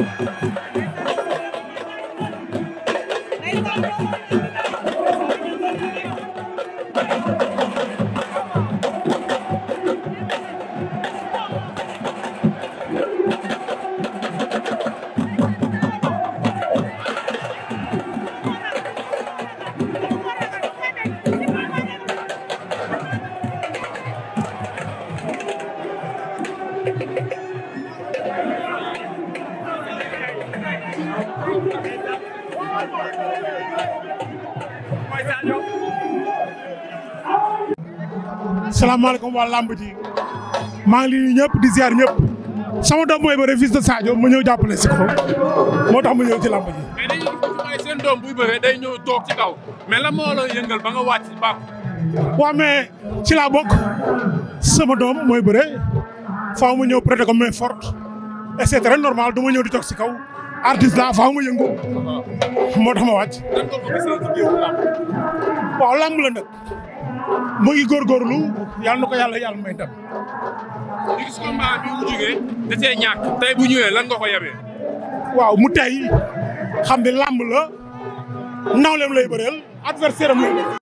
Thank you. salaamaaleykum waa làmb ji maa ñëpp di ziar ñëpp sama doom mooy bëre fils de Sadio ma ñëw jàppale si ko moo tax ma ñëw ci làmb ji. seen doom buy bëree day ñëw toog ci kaw mais la moo la yëngal ba nga wàcc baax. waaw mais ci laa bokk sama doom mooy bëre faaw ma ñëw prêter comme main forte et c'est du ma ñëw di toog si kaw. artiste la faaw nga yëngu moo tax ma wàcc. waaw lamb la nag mu ngi góorgóorlu yàlla na ko yàlla yàlla may ndam. ñu gis combat bi mu jógee da cee ñàkk bu ñëwee lan nga ko yabee. waaw mu tey xam ne lamb la nawleem lay bëreel adversaire am